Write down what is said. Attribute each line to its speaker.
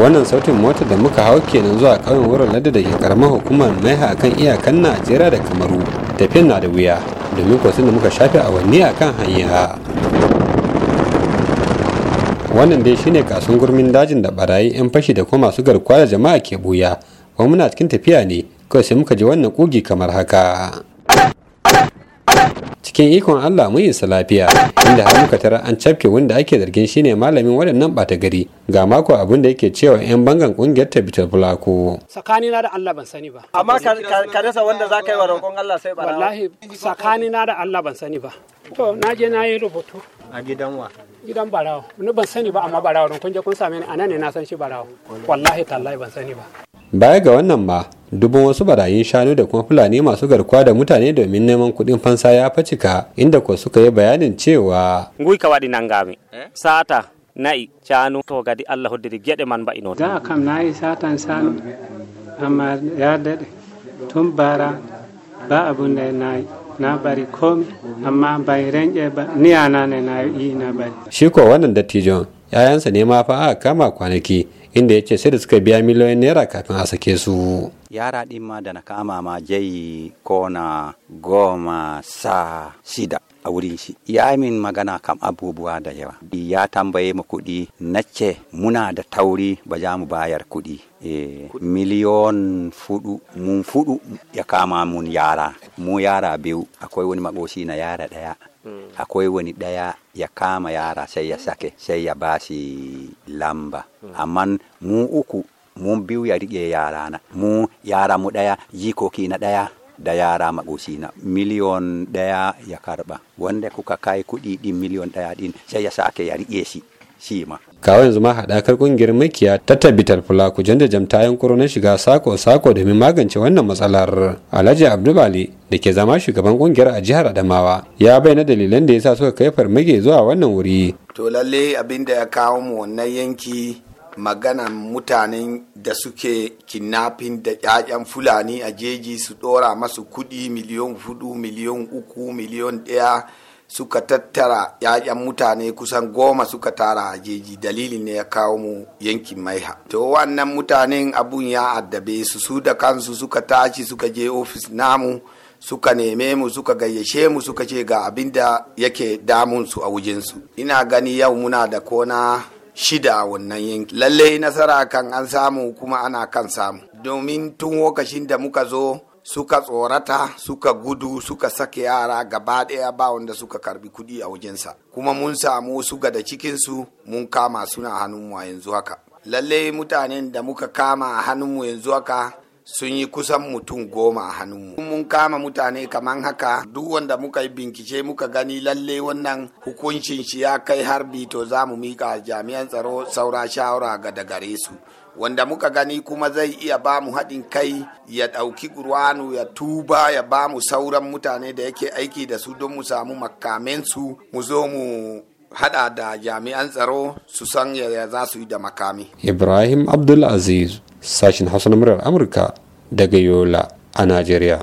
Speaker 1: wannan sautin mota da muka hau kenan zuwa kauyen wurin ladda da ke karamar hukumar maiha kan iyakan najeriya da kamaru tafiyan na da wuya domin kwasin da muka shafe awanni a kan hanya wannan dai shine kasun gurmin dajin da barayi yan fashi da kuma masu garkuwa da jama'a ke buya kuma muna cikin tafiya ne kawai sai muka ji wannan kugi kamar haka cikin ikon Allah mun isa lafiya inda har muka tara an cafke wanda ake zargin shine malamin waɗannan ɓata gari ga mako abin da yake cewa yan bangan kungiyar Tabital Fulako na da Allah ban sani ba amma ka rasa wanda za ka yi wa roƙon Allah sai ba wallahi sakani na da Allah ban sani ba to na je na yi rubutu a gidan wa gidan barawo ni ban sani ba amma barawo don kun je kun same ni anan ne na san shi barawo wallahi tallahi ban sani ba baya ga wannan ma dubban wasu barayin shanu da kuma fulani masu garkuwa da mutane domin neman kuɗin fansa ya facika inda ko suka yi bayanin cewa
Speaker 2: ngui ka waɗi nangami eh? sata na'i shanu to gadi allah hoddiri geɗe man ba ino
Speaker 1: na bari komi amma bai ba ne na yi na bari shi ko wannan dattijon 'ya'yansa ne ma fa aka kama kwanaki inda ya ce sai da suka biya miliyoyin naira kafin a sake su
Speaker 2: yara ɗin ma da na kama ma jai kona goma sa shida a wurin shi ya min magana kam abubuwa da yawa ya tambaye mu kuɗi na ce muna da tauri ba za mu bayar kuɗi e, miliyon fudu mun fudu ya kama mun yara mu yara biyu akwai wani makoshi na yara ɗaya hmm. akwai wani ɗaya ya kama yara sai ya sake sai ya bashi lamba amma mu uku mun biyu ya riƙe na mu yara mu ɗaya jikoki na ɗaya da yara maƙocina miliyon ɗaya ya karɓa wanda kuka kai kuɗi ɗin miliyon ɗaya din sai ya sake ya riƙe shi shi ma.
Speaker 1: Kawo yanzu ma haɗakar ƙungiyar makiya ta tabbitar fula ku janda jamta yankuro na shiga sako-sako domin magance wannan matsalar. Alhaji Abdulbali da ke zama shugaban ƙungiyar a jihar Adamawa ya bayyana dalilan da yasa suka kai farmage zuwa wannan wuri.
Speaker 3: To lalle abin da ya kawo mu wannan yanki maganan mutanen da suke kidnapping da 'ya'yan fulani a jeji su ɗora masu kuɗi miliyon hudu miliyon uku miliyon ɗaya suka tattara 'ya'yan mutane kusan goma suka tara a jeji dalilin ne ya kawo mu yankin maiha to wannan mutanen abun ya addabe su su da kansu suka tashi suka je ofis namu suka neme mu suka gayyace mu suka ce ga abin da yake damunsu a wujensu ina gani yau muna da kona shida a wannan yanki lalle nasara kan an samu kuma ana kan samu domin tun lokacin da muka zo suka tsorata suka gudu suka sake yara gaba ɗaya ba wanda suka karbi kuɗi a wajensa kuma mun samu su da cikinsu mun kama suna hannunmu a yanzu haka lalle mutanen da muka kama a hannunmu yanzu haka sun yi kusan mutum goma a hannunmu. Mun kama mutane kamar haka duk wanda muka yi bincike muka gani lalle wannan hukuncin shi ya kai harbi to za mu mika jami'an tsaro saura shawara ga da gare su. Wanda muka gani kuma zai iya ba mu haɗin kai ya ɗauki ƙur'anu ya tuba ya ba mu sauran mutane da yake aiki da su don mu samu makamensu mu zo mu haɗa da jami'an tsaro su san yaya za su yi da makami.
Speaker 1: Ibrahim Abdulaziz sashin hausa na murar amurka daga yola a najeriya